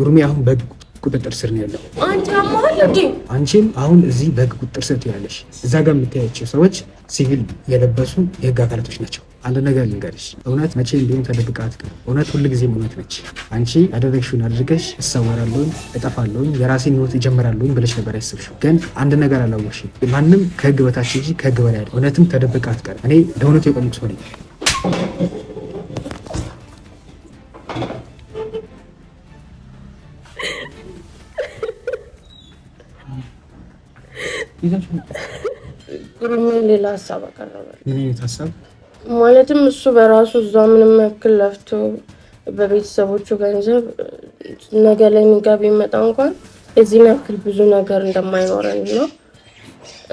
ጉርሜ አሁን በህግ ቁጥጥር ስር ነው ያለው። አንቺም አሁን እዚህ በህግ ቁጥጥር ስር ትያለሽ። እዛ ጋር የምታያቸው ሰዎች ሲቪል የለበሱ የህግ አካላቶች ናቸው። አንድ ነገር ልንገርሽ፣ እውነት መቼ እንዲሁም ተደብቃ አትቀርም። እውነት ሁልጊዜም እውነት ነች። አንቺ ያደረግሽውን አድርገሽ እሰወራለሁኝ፣ እጠፋለሁኝ፣ የራሴን ህይወት እጀምራለሁኝ ብለሽ ነበር ያስብሽው። ግን አንድ ነገር አላወቅሽም። ማንም ከህግ በታች እንጂ ከህግ በላይ አይደለም። እውነትም ተደብቃ አትቀርም። እኔ ለእውነቱ የቆምኩ ሰው ነኝ። ግርሜ ሌላ ሀሳብ አቀረበ። ምን አይነት ሀሳብ? ማለትም እሱ በራሱ እዛ ምንም ያክል ለፍቶ በቤተሰቦቹ ገንዘብ ነገ ላይ እኔ ቢመጣ እንኳን የዚህን ያክል ብዙ ነገር እንደማይኖረን ነው።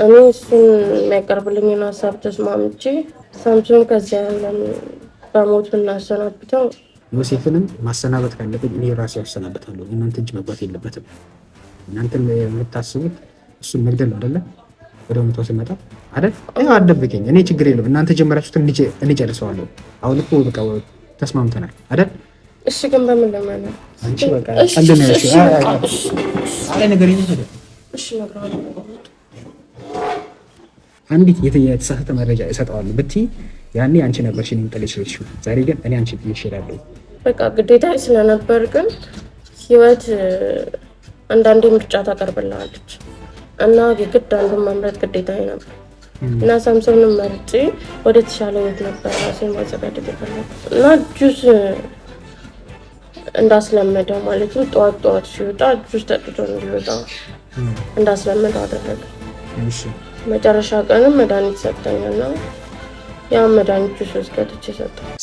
እኔ እሱን የሚያቀርብልኝን ሀሳብ ተስማምቼ ሳምሶን ከዚያ ያለን በሞት ብናሰናብተው ዮሴፍንም ማሰናበት ካለብኝ እኔ ራሴ ያሰናበታለሁ። እናንተ እጅ መግባት የለበትም። እናንተ የምታስቡት እሱን መግደል ነው አደለ? ወደ መቶ ስመጣ አይደል? ይኸው አደብቀኝ፣ እኔ ችግር የለም እናንተ ጀመራችሁት እኔ ጨርሰዋለሁ። አሁን እኮ በቃ ተስማምተናል አይደል? እሺ ግን በምን ለማለት አንቺ በቃ አንዲት የተሳሳተ መረጃ እሰጠዋለሁ ብትይ ያኔ አንቺ ነበርሽ እኔን ጥለሽ ሄድሽው። ዛሬ ግን እኔ አንቺ ብዬሽ እሄዳለሁ። በቃ ግዴታ ስለነበር ግን ህይወት አንዳንዴ ምርጫ ታቀርብልሃለች። እና የግድ አንዱን መምረጥ ግዴታ ነበር እና ሳምሰንን መርጭ ወደ ተሻለ ቤት ነበር ራሴን ማዘጋጀት የፈለኩት እና ጁስ እንዳስለመደው ነው። ጠዋት ጠዋት ሲወጣ ጁስ ጠጥቶ እንዲወጣ እንዳስለመደው አደረገ። መጨረሻ ቀንም መድኃኒት ሰጠኝና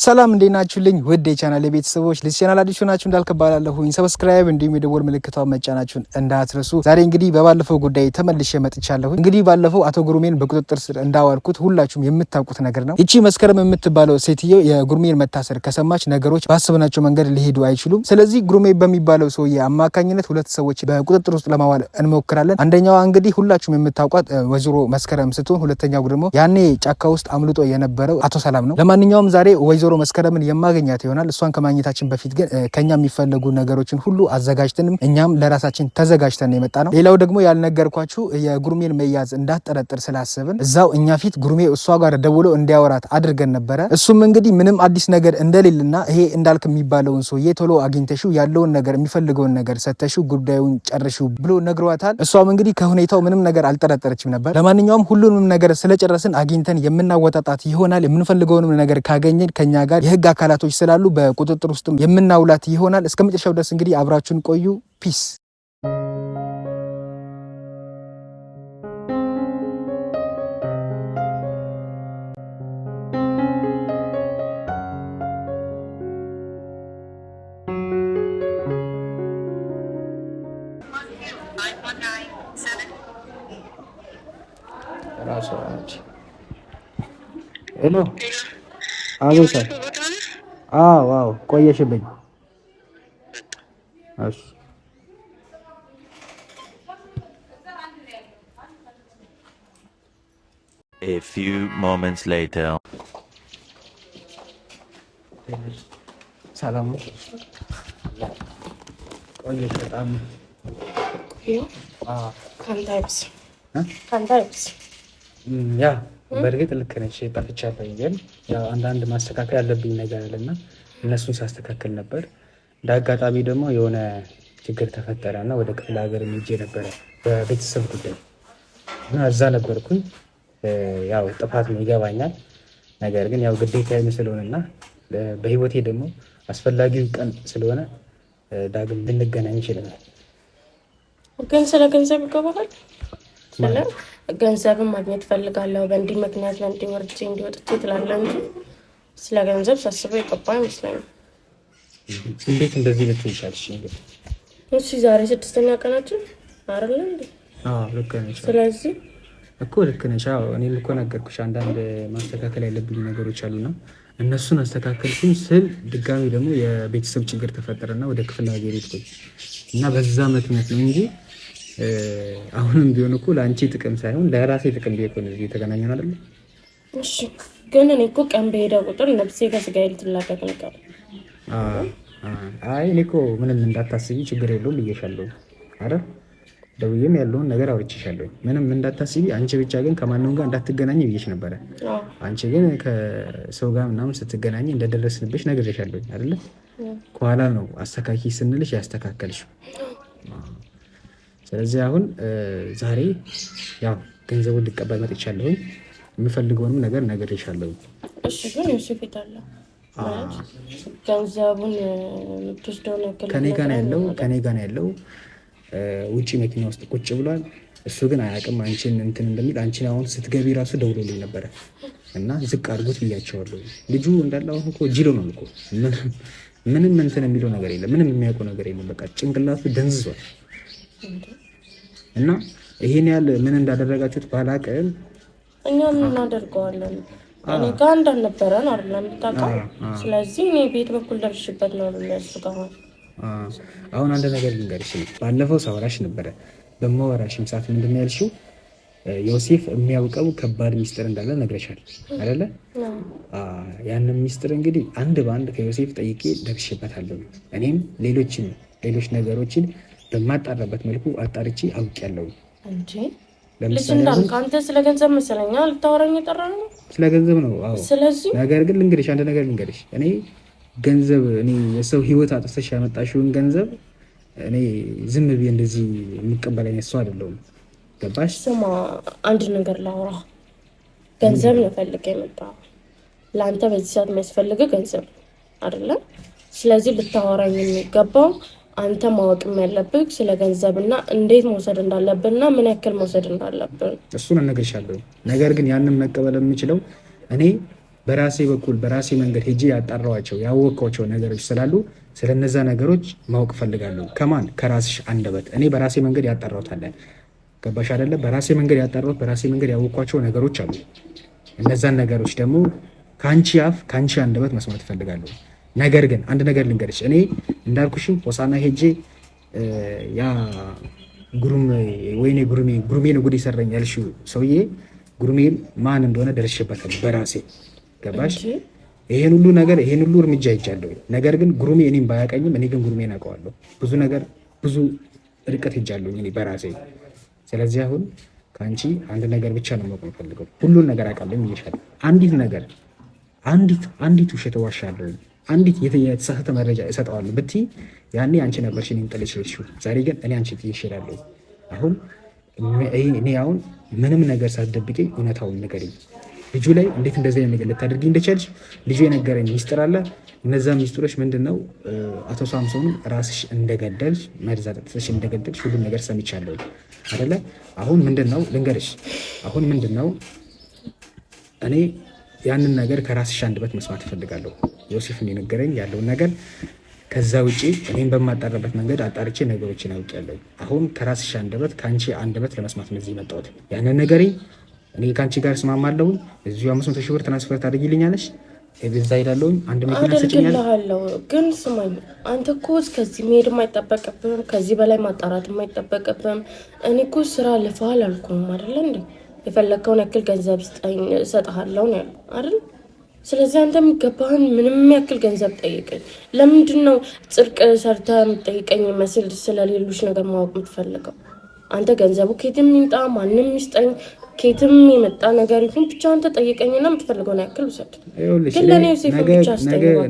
ሰላም እንዴት ናችሁልኝ? ውድ የቻናል የቤተሰቦች ልጅ ቻናል አዲሱ ናችሁ እንዳልከባላለሁኝ ሰብስክራይብ እንዲሁም የደወል ምልክቷን መጫናችሁን እንዳትረሱ። ዛሬ እንግዲህ በባለፈው ጉዳይ ተመልሼ መጥቻለሁኝ። እንግዲህ ባለፈው አቶ ጉርሜን በቁጥጥር ስር እንዳዋልኩት ሁላችሁም የምታውቁት ነገር ነው። ይቺ መስከረም የምትባለው ሴትዮ የጉርሜን መታሰር ከሰማች ነገሮች ባሰብናቸው መንገድ ሊሄዱ አይችሉም። ስለዚህ ጉርሜ በሚባለው ሰውዬ አማካኝነት ሁለት ሰዎች በቁጥጥር ውስጥ ለማዋል እንሞክራለን። አንደኛዋ እንግዲህ ሁላችሁም የምታውቋት ወይዘሮ መስከረም ስትሆን፣ ሁለተኛው ደግሞ ያኔ ጫካ ውስጥ አምልጦ የነበ የነበረው አቶ ሰላም ነው። ለማንኛውም ዛሬ ወይዘሮ መስከረምን የማገኛት ይሆናል። እሷን ከማግኘታችን በፊት ግን ከኛ የሚፈለጉ ነገሮችን ሁሉ አዘጋጅተንም እኛም ለራሳችን ተዘጋጅተን ነው የመጣ ነው። ሌላው ደግሞ ያልነገርኳችሁ የጉርሜን መያዝ እንዳትጠረጥር ስላሰብን እዛው እኛ ፊት ጉርሜ እሷ ጋር ደውሎ እንዲያወራት አድርገን ነበረ። እሱም እንግዲህ ምንም አዲስ ነገር እንደሌልና ይሄ እንዳልክ የሚባለውን ሰውዬ ቶሎ አግኝተሽው ያለውን ነገር የሚፈልገውን ነገር ሰተሽው ጉዳዩን ጨርሽው ብሎ ነግሯታል። እሷም እንግዲህ ከሁኔታው ምንም ነገር አልጠረጠረችም ነበር። ለማንኛውም ሁሉንም ነገር ስለጨረስን አግኝተን የምናወጣጣት ይሆን ይሆናል። የምንፈልገውንም ነገር ካገኘን ከኛ ጋር የህግ አካላቶች ስላሉ በቁጥጥር ውስጥም የምናውላት ይሆናል። እስከ መጨረሻው ድረስ እንግዲህ አብራችሁን ቆዩ። ፒስ hello. Hello, ah, sir. Ah, wow. A few moments later. سلام. Oye, um. Ah. can types. Huh? can types. Mm, yeah. በእርግጥ ልክ ነች ጠፍቻለሁ፣ ግን አንዳንድ ማስተካከል ያለብኝ ነገር አለና እነሱን ሳስተካክል ነበር። እንደ አጋጣሚ ደግሞ የሆነ ችግር ተፈጠረ እና ወደ ክፍለ ሀገር ሄጄ ነበረ በቤተሰብ ጉዳይ እና እዛ ነበርኩኝ። ያው ጥፋት ነው ይገባኛል። ነገር ግን ያው ግዴታ ስለሆነ እና በህይወቴ ደግሞ አስፈላጊው ቀን ስለሆነ ዳግም ልንገናኝ ይችላል። ግን ስለ ገንዘብ ይገባል ገንዘብን ማግኘት ፈልጋለሁ በእንዲህ ምክንያት በእንዲህ ወርጄ እንዲወጥቼ ትላለህ እንጂ ስለ ገንዘብ ሳስበው የቀባ አይመስለኝም። እንዴት እንደዚህ ልትል እሺ ዛሬ ስድስተኛ ቀናችን አይደለ? ስለዚህ እኮ ልክ ነሽ። እኔም እኮ ነገርኩሽ፣ አንዳንድ ማስተካከል ያለብኝ ነገሮች አሉና እነሱን አስተካከልኩኝ ስል ድጋሚ ደግሞ የቤተሰብ ችግር ተፈጠረና ወደ ክፍለ ሀገር ሄድኩኝ እና በዛ ምክንያት ነው እንጂ አሁንም ቢሆን እኮ ለአንቺ ጥቅም ሳይሆን ለራሴ ጥቅም ቢሆን ነው እዚህ የተገናኘን አይደለ? እሺ፣ ግን እኔ እኮ ቀን በሄደ ቁጥር ነፍሴ ከስጋዬ ልትላቀቅ ነበር። አይ እኔ እኮ ምንም እንዳታስቢ ችግር የለውም ብዬሻለሁ አይደል? ደውዬም ያለውን ነገር አውርቼሻለሁ። ምንም እንዳታስቢ፣ አንቺ ብቻ ግን ከማንም ጋር እንዳትገናኝ ብዬሽ ነበረ። አንቺ ግን ከሰው ጋር ምናምን ስትገናኝ እንደደረስንብሽ ነግሬሻለሁ አይደለ? ከኋላ ነው አስተካኪ ስንልሽ ያስተካከልሽው። ስለዚህ አሁን ዛሬ ያው ገንዘቡን ልቀበል መጥቻለሁ። የምፈልገውንም ነገር ነግሬሻለሁ። እሺ ግን ዮሴፍ ነገር ከኔ ጋር ነው ያለው፣ ከኔ ጋር ነው ያለው። ውጭ መኪና ውስጥ ቁጭ ብሏል። እሱ ግን አያውቅም አንቺን እንትን እንደሚል። አንቺን አሁን ስትገቢ ራሱ ደውሎልኝ ነበረ እና ዝቅ አድርጎት ብያቸዋለሁ። ልጁ እንዳለ አሁን እኮ ጅሎ ነው እኮ ምንም እንትን የሚለው ነገር የለም። ምንም የሚያውቀው ነገር የለም። በቃ ጭንቅላቱ ደንዝዟል። እና ይሄን ያህል ምን እንዳደረጋችሁት ባላቅም እኛም እናደርገዋለን። እኔ ጋ እንዳልነበረን አለ የምታውቀው። ስለዚህ እኔ ቤት በኩል ደርሽበት ነው ለሱ ጋር አሁን አንድ ነገር ልንገርሽ። ባለፈው ሳወራሽ ነበረ። በማወራሽም ሰዓት ምንድን ነው ያልሽው? ዮሴፍ የሚያውቀው ከባድ ሚስጥር እንዳለ ነግረሻል አይደለ? ያንን ሚስጥር እንግዲህ አንድ በአንድ ከዮሴፍ ጠይቄ ደርሽበታለሁ። እኔም ሌሎችን ሌሎች ነገሮችን በማጣራበት መልኩ አጣርቼ አውቄያለሁ። ያለው እንዳልክ አንተ ስለ ገንዘብ መሰለኝ ልታወራኝ የጠራኸኝ ስለ ገንዘብ ነው። ስለዚህ ነገር ግን ልንገርሽ፣ አንድ ነገር ልንገርሽ። እኔ ገንዘብ እኔ የሰው ህይወት አጥፍተሽ ያመጣሽውን ገንዘብ እኔ ዝም ብዬ እንደዚህ የሚቀበል አይነት ሰው አይደለሁም። ገባሽ? ስማ፣ አንድ ነገር ላውራ። ገንዘብ ነው ፈልገ የመጣ ለአንተ በዚህ ሰዓት የሚያስፈልገህ ገንዘብ አይደለም። ስለዚህ ልታወራኝ የሚገባው አንተ ማወቅም ያለብህ ስለ ገንዘብና እንዴት መውሰድ እንዳለብንና ምን ያክል መውሰድ እንዳለብን እሱን እነግርሻለሁ። ነገር ግን ያንን መቀበል የምችለው እኔ በራሴ በኩል በራሴ መንገድ ሄጄ ያጣራኋቸው ያወቅኳቸው ነገሮች ስላሉ ስለነዛ ነገሮች ማወቅ እፈልጋለሁ። ከማን ከራስሽ አንደበት እኔ በራሴ መንገድ ያጣራሁታለን። ገባሽ አይደለ? በራሴ መንገድ ያጣራሁት በራሴ መንገድ ያወቅኳቸው ነገሮች አሉ። እነዛን ነገሮች ደግሞ ከአንቺ አፍ ከአንቺ አንደበት መስማት እፈልጋለሁ። ነገር ግን አንድ ነገር ልንገርሽ፣ እኔ እንዳልኩሽም ሆሳና ሄጄ ያ ጉሩሜ ወይኔ ጉሩሜ ጉሩሜ ነው ጉድ ይሰራኝ ያልሽው ሰውዬ ጉሩሜን ማን እንደሆነ ደርሽበታል በራሴ ገባሽ? ይሄን ሁሉ ነገር ይሄን ሁሉ እርምጃ ይጃለሁ። ነገር ግን ጉሩሜ እኔም ባያቀኝም እኔ ግን ጉሩሜን አውቀዋለሁ። ብዙ ነገር ብዙ ርቀት ይጃለሁ እኔ በራሴ። ስለዚህ አሁን ከአንቺ አንድ ነገር ብቻ ነው መቆም ፈልገው ሁሉን ነገር አውቃለሁ ይሻል። አንዲት ነገር አንዲት አንዲት ውሸት ዋሻለሁ አንዲት የተሳሳተ መረጃ እሰጠዋለሁ ብትይ ያኔ አንቺ ነበርሽ እኔን ጥለሽልሽው። ዛሬ ግን እኔ አንቺ ጥዬሽ እሄዳለሁ። አሁን እኔ አሁን ምንም ነገር ሳትደብቂኝ እውነታውን ንገሪኝ። ልጁ ላይ እንዴት እንደዚህ አይነት ነገር ልታደርጊ እንደቻልሽ ልጁ የነገረኝ ሚስጥር አለ። እነዛ ሚስጥሮች ምንድን ነው? አቶ ሳምሶኑ ራስሽ እንደገደልሽ መርዝ አጠጥተሽ እንደገደልሽ ሁሉም ነገር ሰምቻለሁ አይደለ? አሁን ምንድን ነው ልንገርሽ። አሁን ምንድን ነው እኔ ያንን ነገር ከራስሽ አንደበት መስማት እፈልጋለሁ። ዮሴፍ የነገረኝ ያለውን ነገር ከዛ ውጪ እኔም በማጣራበት መንገድ አጣርቼ ነገሮችን አውቄያለሁ። አሁን ከራስሽ አንደበት ከአንቺ አንደበት ለመስማት ነው እዚህ የመጣሁት። ያንን ነገር እኔ ከአንቺ ጋር እስማማለሁ። እዚሁ አምስት መቶ ሺህ ብር ትራንስፈር ታደርጊልኛለሽ፣ እዛ ሄዳለሁ፣ አንድ መኪና ሰጭኛለሁ። ግን ስማኝ፣ አንተ እኮ እስከዚህ መሄድ አይጠበቅብህም፣ ከዚህ በላይ ማጣራት አይጠበቅብህም። እኔ እኮ ስራ ልፋል አልኩም አይደለ እንዴ የፈለግከውን ያክል ገንዘብ ስጠኝ እሰጥሃለሁ ነው ያለው አይደል? ስለዚህ አንተ የሚገባህን ምንም ያክል ገንዘብ ጠይቀኝ። ለምንድን ነው ጽድቅ ሰርተ የምጠይቀኝ ይመስል ስለሌሎች ነገር ማወቅ የምትፈልገው? አንተ ገንዘቡ ኬትም ይምጣ ማንም ይስጠኝ ኬትም የመጣ ነገር ይሁን ብቻ አንተ ጠይቀኝና የምትፈልገውን ያክል ውሰድ።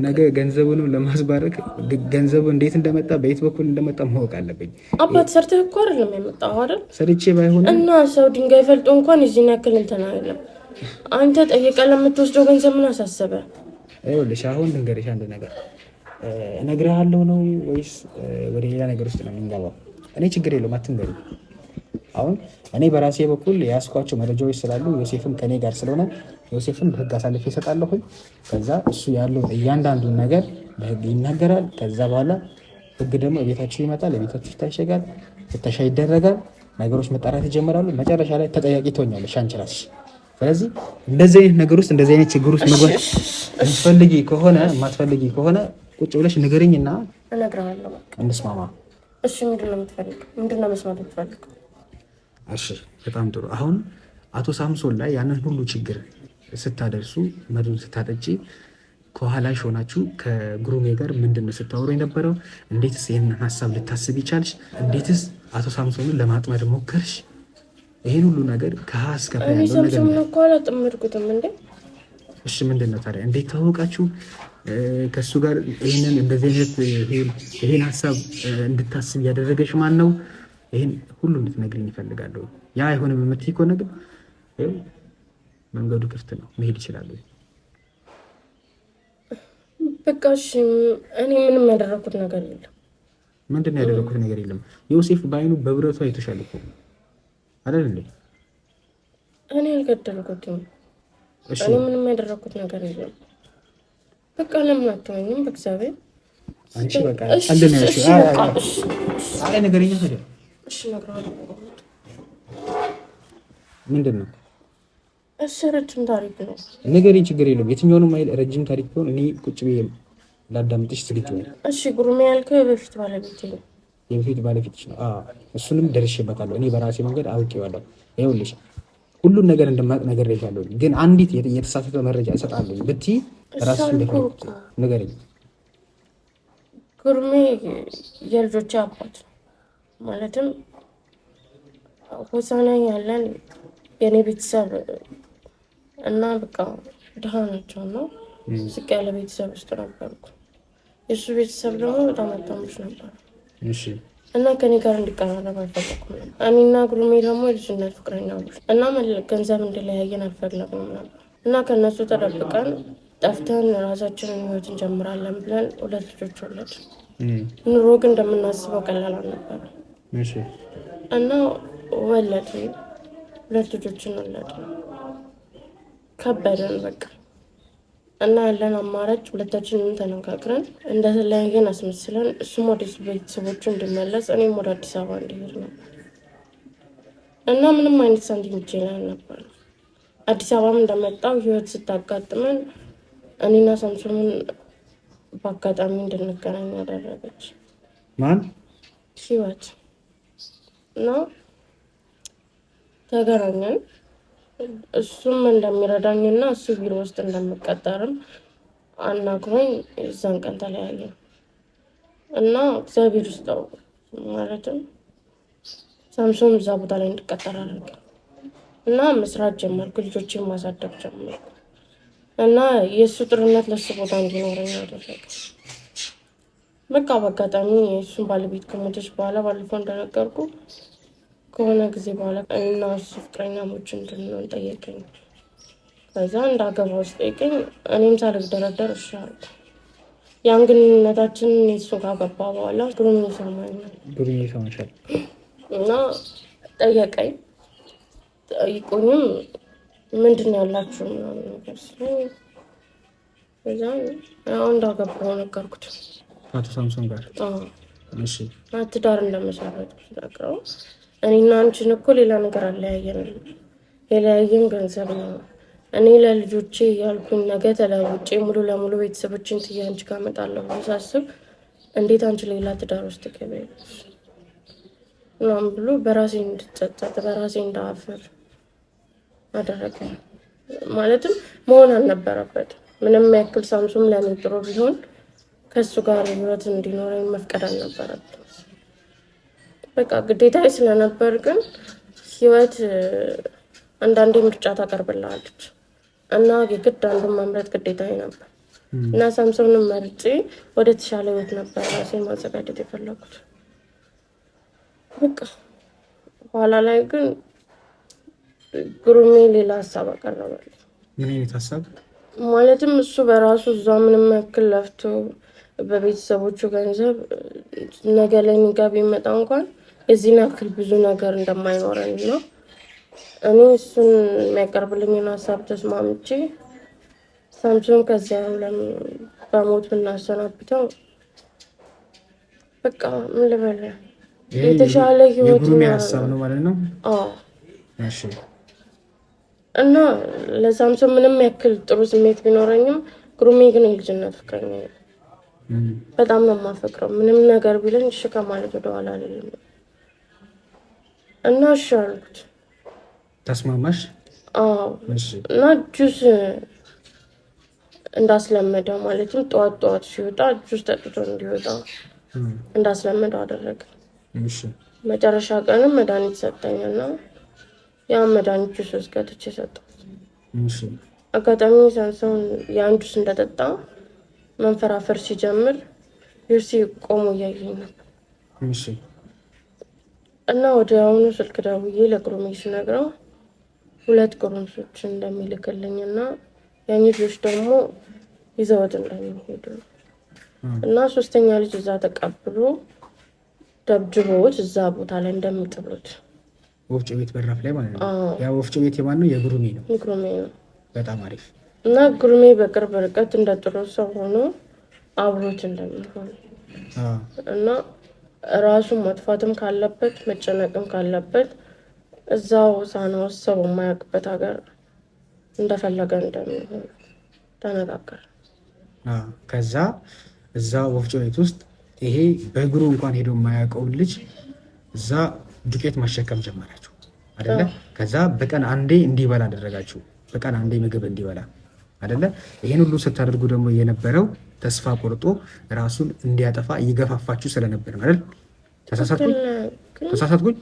ነገ ገንዘቡንም ለማስባረክ ገንዘቡ እንዴት እንደመጣ በየት በኩል እንደመጣ ማወቅ አለብኝ። አባት ሰርተህ እኮ አይደለም የመጣው አይደል? ሰርቼ ባይሆን እና ሰው ድንጋይ ፈልጦ እንኳን የዚህን ያክል እንትን አይደለም። አንተ ጠይቀ ለምትወስደው ገንዘብ ምን አሳሰበ? ይኸውልሽ አሁን ልንገርሽ አንድ ነገር እነግርሃለሁ ነው ወይስ ወደ ሌላ ነገር ውስጥ ነው የምንገባው? እኔ ችግር የለውም አትንገሪኝ አሁን እኔ በራሴ በኩል የያዝኳቸው መረጃዎች ስላሉ ዮሴፍም ከኔ ጋር ስለሆነ ዮሴፍን በህግ አሳልፌ እሰጣለሁኝ። ከዛ እሱ ያለው እያንዳንዱን ነገር በህግ ይናገራል። ከዛ በኋላ ህግ ደግሞ ቤታችሁ ይመጣል፣ ቤታችሁ ይታሸጋል፣ ፍተሻ ይደረጋል፣ ነገሮች መጣራት ይጀምራሉ። መጨረሻ ላይ ተጠያቂ ትሆኛለሽ አንቺ ራስሽ። ስለዚህ እንደዚህ አይነት ነገር ውስጥ እንደዚህ አይነት ችግር ውስጥ መግባት የምትፈልጊ ከሆነ የማትፈልጊ ከሆነ ቁጭ ብለሽ ንገረኝና እንስማማ። እሱ ምንድን ነው የምትፈልግ? ምንድን ነው መስማት የምትፈልግ? እሺ በጣም ጥሩ። አሁን አቶ ሳምሶን ላይ ያንን ሁሉ ችግር ስታደርሱ መዱን ስታጠጪ ከኋላሽ ሆናችሁ ከግሩሜ ጋር ምንድን ነው ስታወሩ የነበረው? እንዴትስ ይህን ሀሳብ ልታስብ ይቻልሽ? እንዴትስ አቶ ሳምሶንን ለማጥመድ ሞከርሽ? ይህን ሁሉ ነገር ከሀ እስከ ፐ ያለው ነገር እሺ፣ ምንድን ነው ታዲያ? እንዴት ታወቃችሁ? ከእሱ ጋር ይህንን እንደዚህ አይነት ይህን ሀሳብ እንድታስብ እያደረገሽ ማን ነው? ይህን ሁሉ እንድትነግሪኝ ይፈልጋለሁ። ያ የሆነ የምትይ ከሆነ ግን መንገዱ ክፍት ነው፣ መሄድ ይችላሉ። በቃ እሺ። እኔ ምንም ያደረኩት ነገር የለም። ምንድን ያደረኩት ነገር የለም። ዮሴፍ በአይኑ በብረቱ አይቶሻል እኮ አይደል እንዴ? እኔ አልገደልኩትም። እኔ ምንም ያደረኩት ነገር የለም። በቃ ለምን አትሆኝም? በእግዚአብሔር አንቺ በቃ አንድ ነገር እሺ ምንድን ነው እሺ? ረጅም ታሪክ ነው። ንገሪኝ፣ ችግር የለም። የትኛውንም አይል ረጅም ታሪክ ቢሆን እኔ ቁጭ ብዬ ላዳምጥሽ ዝግጁ ነኝ። እሺ፣ ጉርሜ ያልከው የበፊት ባለቤት ነው። ነው? እሱንም ደርሼበታለሁ። እኔ በራሴ መንገድ አውቄዋለሁ። ይኸውልሽ ሁሉን ነገር እንደማቅ ነገር ይሻለሁ፣ ግን አንዲት የተሳሳተ መረጃ እሰጣለሁ ራሱ ጉርሜ የልጆች አባት ማለትም ሆሳና ያለን የእኔ ቤተሰብ እና በቃ ድሃ ናቸው እና ዝቅ ያለ ቤተሰብ ውስጥ ነበርኩ። የእሱ ቤተሰብ ደግሞ በጣም ሀብታሞች ነበር። እና ከኔ ጋር እንዲቀራረብ አልፈለኩም። እኔና ጉርሜ ደግሞ የልጅነት ፍቅረኛ እና ገንዘብ እንድለያየን አልፈለጉም ነበር እና ከእነሱ ተደብቀን ጠፍተን ራሳችንን ህይወት እንጀምራለን ብለን ሁለት ልጆች ወለድ። ኑሮ ግን እንደምናስበው ቀላል አልነበረ። እና ወለድ ሁለት ልጆችን ወለድ ከበደን በቃ እና ያለን አማራጭ ሁለታችንን ተነጋግረን እንደተለያየን አስመስለን እሱም ወደ ቤተሰቦቹ እንድመለስ እኔም ወደ አዲስ አበባ እንዲሄድ ነበር እና ምንም አይነት ሳንቲም እጄ ነበር። አዲስ አበባም እንደመጣው ህይወት ስታጋጥመን እኔና ሳምሶምን በአጋጣሚ እንድንገናኝ ያደረገች ማን ህይወት እና ተገናኘን። እሱም እንደሚረዳኝ እና እሱ ቢሮ ውስጥ እንደምቀጠርም አናግሮኝ እዛን ቀን ተለያየን እና እግዚአብሔር ውስጥ ማለትም ሳምሶን እዛ ቦታ ላይ እንድቀጠር አደረገ እና መስራት ጀመርኩ፣ ልጆችን ማሳደግ ጀመርኩ እና የእሱ ጥሩነት ለእሱ ቦታ እንዲኖረኝ አደረገ። በቃ በአጋጣሚ እሱን ባለቤት ከሞተች በኋላ ባለፈው እንደነገርኩ ከሆነ ጊዜ በኋላ እና እሱ ፍቅረኛሞች እንድንሆን ጠየቀኝ። ከዛ ውስጥ ጠይቀኝ እኔም ሳልደረደር እሺ አልኩ። ያን ግንኙነታችንን እኔ እሱ ካገባ በኋላ ዱርዬ ይሰማኛል ዱርዬ ይሰማሻል እና ጠየቀኝ። ጠይቆኝም ምንድን ነው ያላችሁ ምናምን ነገር ስለ ከዛ ያው እንዳገባው ነገርኩት። ከአቶ ሳምሶን ጋር ትዳር እንደመሰረት ነግረው እኔና አንቺን እኮ ሌላ ነገር አለያየን። የለያየን ገንዘብ ነው። እኔ ለልጆቼ ያልኩኝ ነገ ተለውጬ ሙሉ ለሙሉ ቤተሰቦችን ትዬ አንቺ ጋር እመጣለሁ ሳስብ እንዴት አንቺ ሌላ ትዳር ውስጥ ገቢያለሽ ምናምን ብሎ በራሴ እንድጸጸት በራሴ እንዳፍር አደረገ። ማለትም መሆን አልነበረበትም። ምንም ያክል ሳምሱም ለእኔ ጥሩ ቢሆን ከእሱ ጋር ህይወት እንዲኖረኝ መፍቀድ አልነበረብኝ። በቃ ግዴታ ስለነበር ግን ህይወት አንዳንዴ ምርጫ ታቀርብልሃለች እና የግድ አንዱን መምረጥ ግዴታ ነበር እና ሳምሶንን መርጬ ወደ ተሻለ ህይወት ነበር ራሴ ማዘጋጀት የፈለጉት። በቃ በኋላ ላይ ግን ግሩሜ ሌላ ሀሳብ አቀረበልኝ። ምን አይነት ሀሳብ ማለትም እሱ በራሱ እዛ ምንም ያክል ለፍቶ በቤተሰቦቹ ገንዘብ ነገ ላይ እኔ ጋ ቢመጣ እንኳን የዚህን ያክል ብዙ ነገር እንደማይኖረን ነው። እኔ እሱን የሚያቀርብልኝን ሀሳብ ተስማምቼ ሳምሶን ከዚያ ለም በሞት ብናሰናብተው በቃ ምን ልበል የተሻለ ህይወት ሀሳብ ነው ማለት ነው እና ለሳምሶን ምንም ያክል ጥሩ ስሜት ቢኖረኝም ግሩሜ ግን የልጅነት ፍቅረኛ በጣም ነው የማፈቅረው። ምንም ነገር ቢለኝ እሺ ከማለት ወደኋላ አይደለም እና እሺ አልኩት። ተስማማሽ? አዎ። እና ጁስ እንዳስለመደው ማለትም ጠዋት ጠዋት ሲወጣ ጁስ ጠጥቶ እንዲወጣ እንዳስለመደው አደረገ። መጨረሻ ቀንም መድኃኒት ሰጠኝ እና ያ መድኃኒት ጁስ ውስጥ ገጥቼ ሰጠሁት። አጋጣሚ ሳንሰውን ያን ጁስ እንደጠጣ መንፈራፈር ሲጀምር ዩርሲ ቆሞ እያየኝ ነበር እና ወደ አሁኑ ስልክ ደውዬ ለግሩሜ ስነግረው ሁለት ጎረምሶች እንደሚልክልኝ እና ያኔ ልጆች ደግሞ ይዘወት እንደሚሄዱ ነው እና ሶስተኛ ልጅ እዛ ተቀብሎ ደብድቦት እዛ ቦታ ላይ እንደሚጥሉት ወፍጮ ቤት በራፍ ላይ ማለት ነው። ያ ወፍጮ ቤት የማን ነው? የግሩሜ ነው። የግሩሜ ነው። በጣም አሪፍ እና ጉርሜ በቅርብ ርቀት እንደ ጥሩ ሰው ሆኖ አብሮት እንደሚሆን እና ራሱን መጥፋትም ካለበት መጨነቅም ካለበት እዛው ሳናውስ ሰው የማያውቅበት ሀገር እንደፈለገ እንደሚሆን ተነጋገር። ከዛ እዛ ወፍጮ ቤት ውስጥ ይሄ በእግሩ እንኳን ሄዶ የማያውቀውን ልጅ እዛ ዱቄት ማሸከም ጀመራችሁ አይደለ? ከዛ በቀን አንዴ እንዲበላ አደረጋችሁ። በቀን አንዴ ምግብ እንዲበላ አደለ ይህን ሁሉ ስታደርጉ ደግሞ የነበረው ተስፋ ቆርጦ ራሱን እንዲያጠፋ እየገፋፋችሁ ስለነበር ነው አይደል? ተሳሳትኩኝ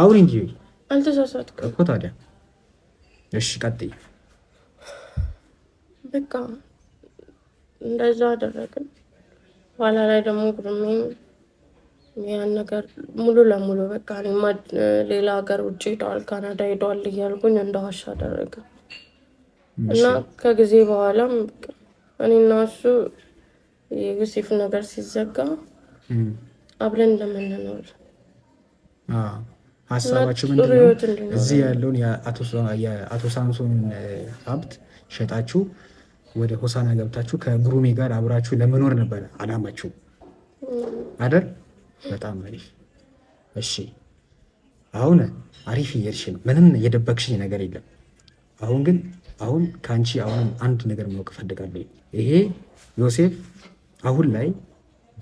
አሁን እንጂ እኮ ታዲያ። እሺ ቀጥይ። በቃ እንደዛ አደረግን። ኋላ ላይ ደግሞ ጉድሜ ያን ነገር ሙሉ ለሙሉ በቃ ሌላ ሀገር ውጭ ሄደዋል፣ ካናዳ ሄደዋል እያልኩኝ እንደዋሻ አደረግን። እና ከጊዜ በኋላም እኔና እሱ የዩሴፍ ነገር ሲዘጋ አብረን እንደምንኖር ሀሳባቸው ምንድነው? እዚህ ያለውን የአቶ ሳምሶንን ሀብት ሸጣችሁ ወደ ሆሳና ገብታችሁ ከግሩሜ ጋር አብራችሁ ለመኖር ነበረ አላማችሁ አደር? በጣም አሪፍ። እሺ፣ አሁን አሪፍ እየሄድሽ ነው። ምንም የደበቅሽኝ ነገር የለም። አሁን ግን አሁን ከአንቺ አሁን አንድ ነገር ማወቅ እፈልጋለሁ። ይሄ ዮሴፍ አሁን ላይ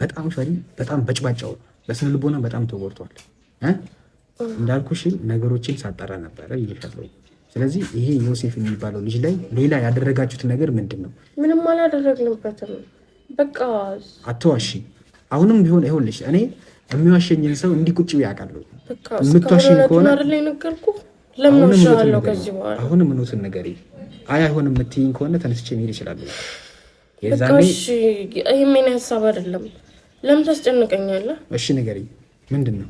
በጣም ፈሪ፣ በጣም በጭባጫው፣ በስነ ልቦና በጣም ተጎድቷል። እንዳልኩሽን ነገሮችን ሳጠራ ነበረ ይሻለው። ስለዚህ ይሄ ዮሴፍ የሚባለው ልጅ ላይ ሌላ ያደረጋችሁት ነገር ምንድን ነው? ምንም አላደረግንበትም። በቃ አትዋሺ። አሁንም ቢሆን ይኸውልሽ እኔ የሚዋሸኝን ሰው እንዲህ ቁጭ ብዬ አውቃለሁ። የምትዋሸኝ ከሆነ አሁንም እውነቱን ነገር አይ አይሆንም የምትይኝ ከሆነ ተነስቼ መሄድ ይችላል። ይህሜን ሀሳብ አይደለም። ለምን ታስጨንቀኛለህ? እሺ ንገሪኝ፣ ምንድን ነው?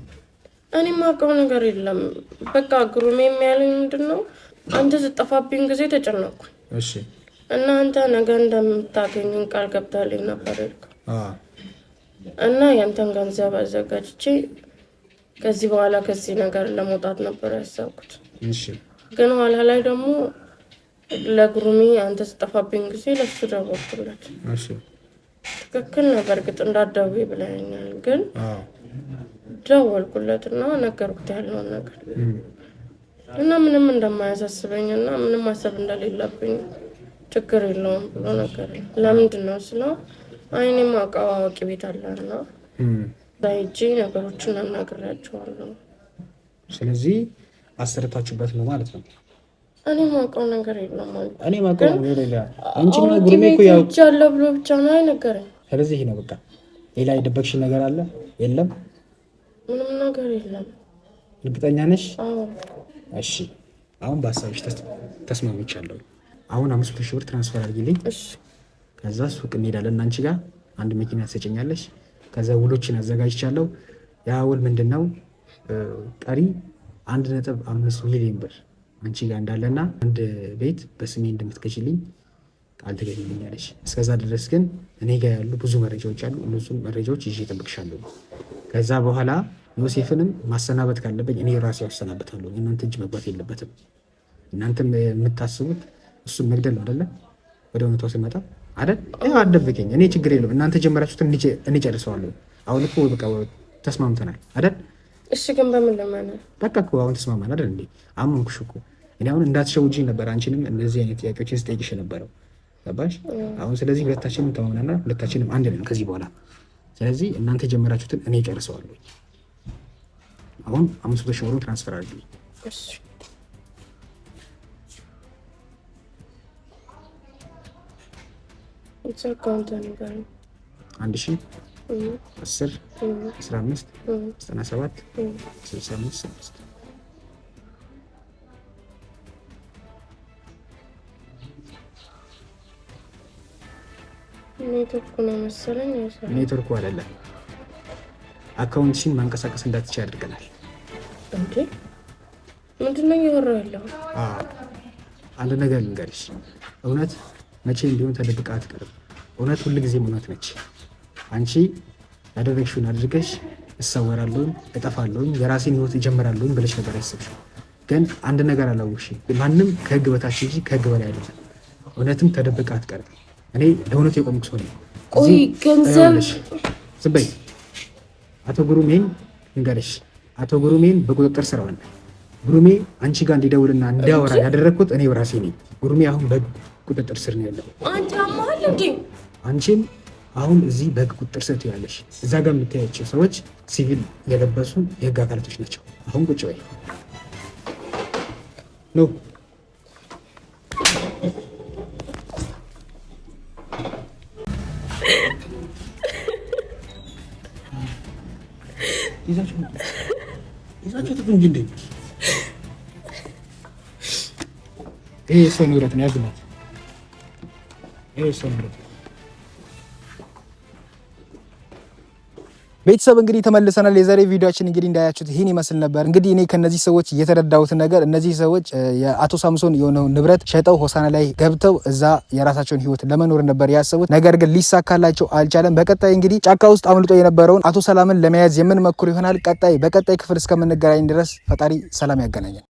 እኔ የማውቀው ነገር የለም። በቃ ግሩም የሚያለኝ ምንድን ነው፣ አንተ ስጠፋብኝ ጊዜ ተጨነቅኩ። እሺ እና አንተ ነገ እንደምታገኝን ቃል ገብታልኝ ነበር እና ያንተን ገንዘብ አዘጋጅቼ ከዚህ በኋላ ከዚህ ነገር ለመውጣት ነበር ያሰብኩት። ግን ኋላ ላይ ደግሞ ለግሩሚ አንተ ስጠፋብኝ ጊዜ ለሱ ደወልኩለት። ትክክል ነበር ግጥ እንዳትደውይ ብለኸኛል፣ ግን ደወልኩለት እና ነገርኩት ያለውን ነገር እና ምንም እንደማያሳስበኝ እና ምንም ማሰብ እንደሌለብኝ ችግር የለውም ብሎ ነገር ለምንድን ነው ስለው አይኔም አውቃው አዋቂ ቤት አለና ዛይጂ ነገሮችን አናግሬያቸዋለሁ። ስለዚህ አሰርታችሁበት ነው ማለት ነው። እኔ ማውቀው ነገር የለም ማለት እኔ ማውቀው ነገር የለ አንቺና ጉርሜ ብሎ ብቻ ነው አይነገረኝ። ስለዚህ ነው በቃ። ሌላ የደበቅሽ ነገር አለ? የለም፣ ምንም ነገር የለም። እርግጠኛ ነሽ? አዎ። እሺ፣ አሁን በሀሳብሽ ተስማምቻለሁ። አሁን አምስት መቶ ሺህ ብር ትራንስፈር አድርጊልኝ። እሺ። ከዛ ሱቅ እንሄዳለን። አንቺ ጋር አንድ መኪና ትሰጪኛለሽ። ከዛ ውሎችን አዘጋጅቻለሁ። ያ ውል ምንድን ነው? ቀሪ አንድ ነጥብ አምስት ሚሊዮን ብር አንቺ ጋር እንዳለና አንድ ቤት በስሜ እንደምትገዥልኝ ቃል ትገኝልኛለች። እስከዛ ድረስ ግን እኔ ጋር ያሉ ብዙ መረጃዎች አሉ። እነሱም መረጃዎች ይዤ እጠብቅሻለሁ። ከዛ በኋላ ዮሴፍንም ማሰናበት ካለብኝ እኔ ራሴ ያሰናበታለሁ። እናንተ እጅ መግባት የለበትም። እናንተም የምታስቡት እሱን መግደል ነው አደለ? ወደ እውነታው ስመጣ አደል አደብቀኝ፣ እኔ ችግር የለም እናንተ ጀመራችሁትን እኔ ጨርሰዋለሁ። አሁን እኮ በቃ ተስማምተናል አደል? እሺ፣ ግን በምን ለማን በቃ እኮ አሁን ተስማማን አደል እንዴ አመንኩሽ እኮ እኔ አሁን እንዳትሸውጂ ነበር አንቺንም እነዚህ አይነት ጥያቄዎችን ስጠይቅሽ ነበረው። ገባሽ? አሁን ስለዚህ ሁለታችንም ተማምናና ሁለታችንም አንድ ነን ከዚህ በኋላ ስለዚህ እናንተ ጀመራችሁትን እኔ ጨርሰዋለሁ። አሁን አምስት መቶ ሺህ ብሩን ትራንስፈር አድርጊ። አንድ ሺ አስር አስራ አምስት ዘጠና ሰባት ስልሳ አምስት ኔትወርኩ አይደለም፣ አካውንትሽን ማንቀሳቀስ እንዳትችል ያደርገናል። ምንድን ነው እያወራሁ ያለው? አንድ ነገር ልንገርሽ፣ እውነት መቼ እንዲሁም ተደብቃ አትቀርም። እውነት ሁልጊዜም እውነት ነች። አንቺ ያደረግሽውን አድርገሽ እሰወራለሁኝ፣ እጠፋለሁኝ፣ የራሴን ህይወት እጀምራለሁኝ ብለሽ ነበር ያሰብሽው። ግን አንድ ነገር አላወቅሽም። ማንም ከህግ በታች እንጂ ከህግ በላይ አይደለም። እውነትም ተደብቃ አትቀርም። እኔ ለእውነቱ የቆምኩ ሰው ነኝ። ቆይ ገንዘብ ዝም በይ። አቶ ጉሩሜን እንገርሽ፣ አቶ ጉሩሜን በቁጥጥር ስር ዋለ። ጉሩሜ አንቺ ጋር እንዲደውልና እንዲያወራ ያደረግኩት እኔ ራሴ ነኝ። ጉሩሜ አሁን በቁጥጥር ስር ነው ያለው። አንቺም አሁን እዚህ በህግ ቁጥጥር ስር ትያለሽ። እዛ ጋር የምታያቸው ሰዎች ሲቪል የለበሱ የህግ አካላቶች ናቸው። አሁን ቁጭ በይ ነው ይዛችሁት እንጂ እንዴ! ይሄ ሰው ንብረት ነው። ያዝናት። ይሄ ሰው ንብረት ቤተሰብ እንግዲህ ተመልሰናል። የዛሬ ቪዲዮችን እንግዲህ እንዳያችሁት ይህን ይመስል ነበር። እንግዲህ እኔ ከነዚህ ሰዎች የተረዳሁት ነገር እነዚህ ሰዎች የአቶ ሳምሶን የሆነው ንብረት ሸጠው ሆሳና ላይ ገብተው እዛ የራሳቸውን ህይወት ለመኖር ነበር ያሰቡት። ነገር ግን ሊሳካላቸው አልቻለም። በቀጣይ እንግዲህ ጫካ ውስጥ አምልጦ የነበረውን አቶ ሰላምን ለመያዝ የምንመክሩ ይሆናል። ቀጣይ በቀጣይ ክፍል እስከምንገናኝ ድረስ ፈጣሪ ሰላም ያገናኛል።